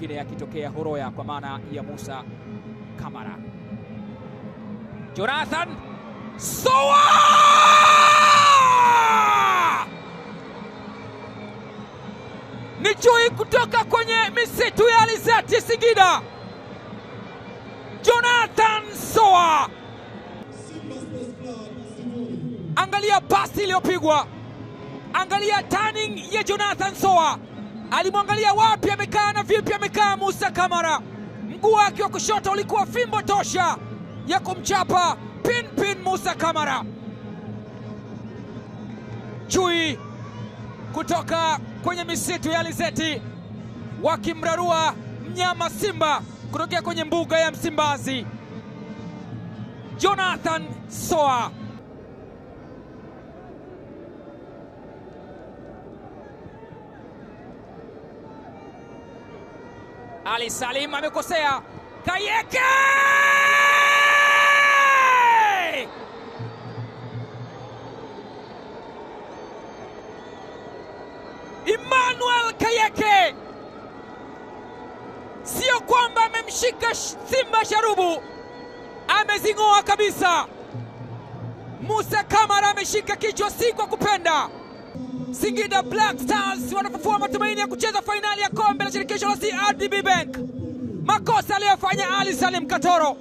kile akitokea Horoya kwa maana ya Musa Kamara. Jonathan Soa ni chui kutoka kwenye misitu ya Alizeti Singida. Jonathan Soa, angalia pasi iliyopigwa, angalia turning ya Jonathan Soa alimwangalia wapi amekaa na vipi amekaa Musa Kamara. Mguu wake wa kushoto ulikuwa fimbo tosha ya kumchapa pinpin Musa Kamara. Chui kutoka kwenye misitu ya Alizeti wakimrarua mnyama simba kutokea kwenye mbuga ya Msimbazi. Jonathan Soa Ali Salim amekosea. Kayeke Emmanuel Kayeke, sio kwamba amemshika Simba sharubu, amezing'oa kabisa. Musa Kamara ameshika kichwa, si kwa kupenda. Singida Black Stars wanakufua matumaini ya kucheza fainali ya kombe la shirikisho la CRDB Bank. Makosa aliyofanya Ali Salim Katoro,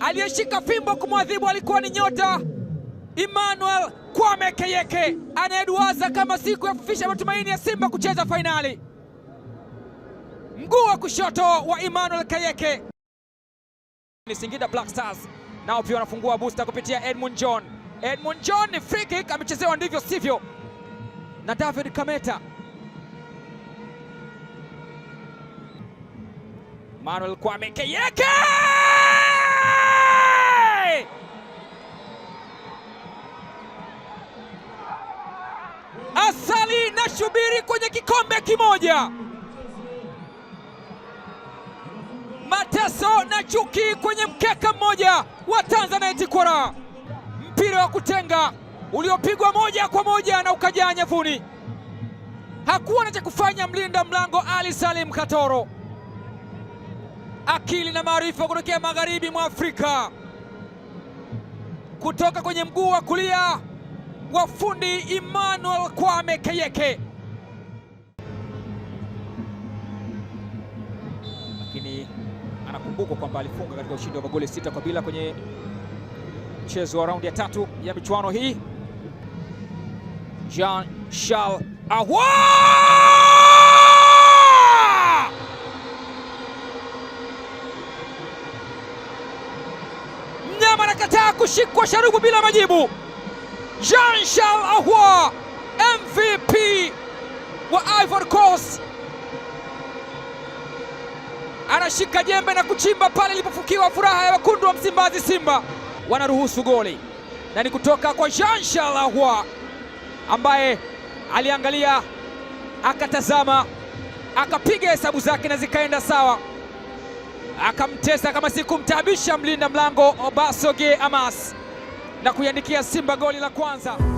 aliyeshika fimbo kumwadhibu alikuwa ni nyota Emmanuel Kwame Keyeke anayeduaza kama siku ya kufisha matumaini ya Simba kucheza fainali. Mguu wa kushoto wa Emmanuel Keyeke. Ni Singida Black Stars nao pia wanafungua busta kupitia Edmund John. Edmund John ni free kick amechezewa ndivyo sivyo na David Kameta. Manuel Kwame Keyeke asali na shubiri kwenye kikombe kimoja, mateso na chuki kwenye mkeka mmoja wa Tanzanite Kora, mpira wa kutenga uliopigwa moja kwa moja na ukajaa nyavuni. Hakuwa na cha kufanya mlinda mlango Ali Salim Katoro, akili na maarifa kutokea magharibi mwa Afrika, kutoka kwenye mguu wa kulia wa fundi Emmanuel Kwame Keyeke, lakini anakumbukwa kwamba alifunga katika ushindi wa magoli sita kwa bila kwenye mchezo wa raundi ya tatu ya michuano hii. Jean Charles Ahoua! Mnyama anakataa kushikwa sharubu bila majibu. Jean Charles Awa, MVP wa Ivory Coast anashika jembe na kuchimba pale ilipofukiwa furaha ya wekundu wa Msimbazi Simba. Wanaruhusu goli na ni kutoka kwa Jean Charles Ahoua ambaye aliangalia akatazama akapiga hesabu zake na zikaenda sawa, akamtesa kama si kumtaabisha mlinda mlango Obasoge Amas na kuiandikia Simba goli la kwanza.